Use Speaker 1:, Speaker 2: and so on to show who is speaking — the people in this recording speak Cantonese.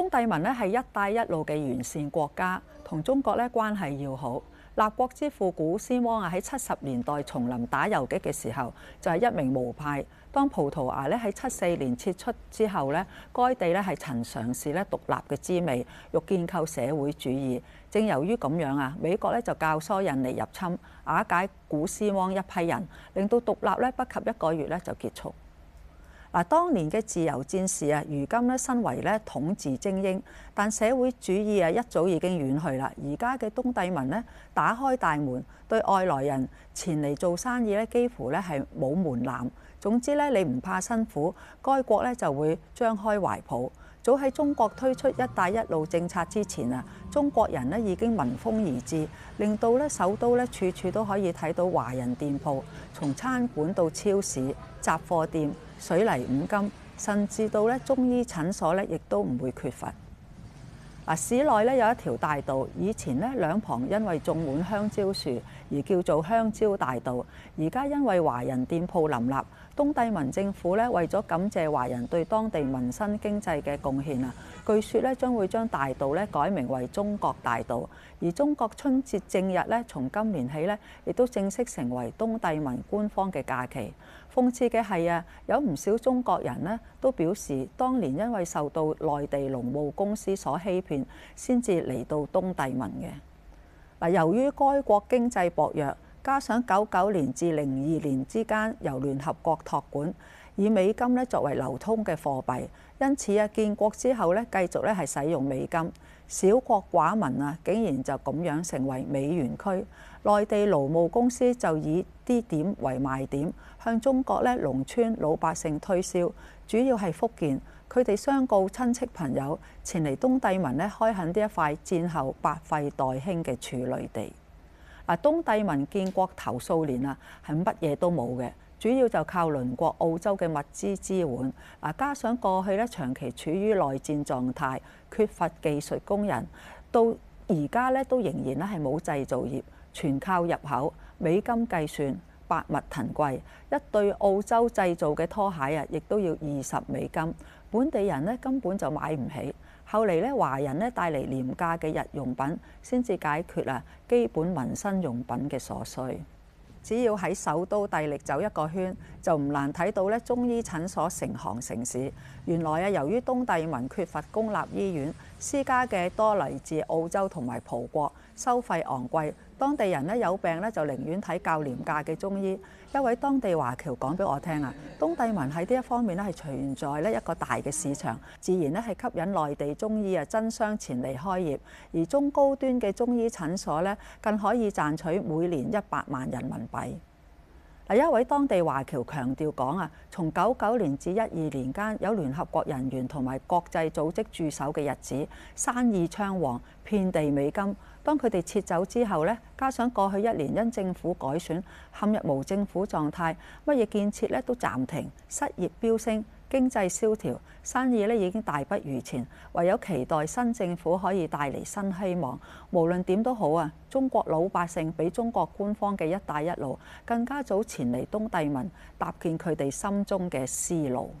Speaker 1: 東帝汶咧係一帶一路嘅沿線國家，同中國咧關係要好。立國之父古斯芒啊，喺七十年代叢林打游擊嘅時候，就係、是、一名毛派。當葡萄牙咧喺七四年撤出之後咧，該地咧係曾嘗試咧獨立嘅滋味，欲建構社會主義。正由於咁樣啊，美國咧就教唆印尼入侵，瓦解古斯芒一批人，令到獨立咧不及一個月咧就結束。嗱，當年嘅自由戰士啊，如今咧身為咧統治精英，但社會主義啊一早已經遠去啦。而家嘅東帝汶咧，打開大門對外來人前嚟做生意咧，幾乎咧係冇門檻。總之咧，你唔怕辛苦，該國咧就會張開懷抱。早喺中國推出一帶一路政策之前啊，中國人呢已經聞風而至，令到咧首都咧處處都可以睇到華人店鋪，從餐館到超市、雜貨店、水泥五金，甚至到咧中醫診所咧，亦都唔會缺乏。市內咧有一條大道，以前咧兩旁因為種滿香蕉樹而叫做香蕉大道。而家因為華人店鋪林立，東帝汶政府咧為咗感謝華人對當地民生經濟嘅貢獻啊，據說咧將會將大道咧改名為中國大道。而中國春節正日咧，從今年起咧亦都正式成為東帝汶官方嘅假期。諷刺嘅係啊，有唔少中國人呢都表示，當年因為受到內地農務公司所欺騙，先至嚟到東帝汶嘅。嗱，由於該國經濟薄弱。加上九九年至零二年之間由聯合國託管，以美金咧作為流通嘅貨幣。因此啊，建國之後咧繼續咧係使用美金。小國寡民啊，竟然就咁樣成為美元區。內地勞務公司就以啲點為賣點，向中國咧農村老百姓推銷，主要係福建。佢哋相告親戚朋友，前嚟東帝汶咧開墾呢一塊戰後百廢待興嘅處女地。啊，東帝汶建國頭數年啊，係乜嘢都冇嘅，主要就靠鄰國澳洲嘅物資支援。啊，加上過去咧長期處於內戰狀態，缺乏技術工人，到而家咧都仍然咧係冇製造業，全靠入口。美金計算，百物騰貴，一對澳洲製造嘅拖鞋啊，亦都要二十美金，本地人咧根本就買唔起。後嚟咧，華人咧帶嚟廉價嘅日用品，先至解決啊基本民生用品嘅所需。只要喺首都帝力走一個圈，就唔難睇到咧中醫診所成行成市。原來啊，由於東帝汶缺乏公立醫院，私家嘅多嚟自澳洲同埋葡國，收費昂貴。當地人咧有病咧就寧願睇較廉價嘅中醫。一位當地華僑講俾我聽啊，東帝汶喺呢一方面咧係存在咧一個大嘅市場，自然咧係吸引內地中醫啊爭相前嚟開業。而中高端嘅中醫診所咧，更可以賺取每年一百萬人民幣。係一位當地華僑強調講啊，從九九年至一二年間，有聯合國人員同埋國際組織駐守嘅日子，生意暢旺，遍地美金。當佢哋撤走之後呢，加上過去一年因政府改選陷入無政府狀態，乜嘢建設咧都暫停，失業飆升。經濟蕭條，生意咧已經大不如前，唯有期待新政府可以帶嚟新希望。無論點都好啊，中國老百姓比中國官方嘅一帶一路更加早前嚟東帝汶搭建佢哋心中嘅絲路。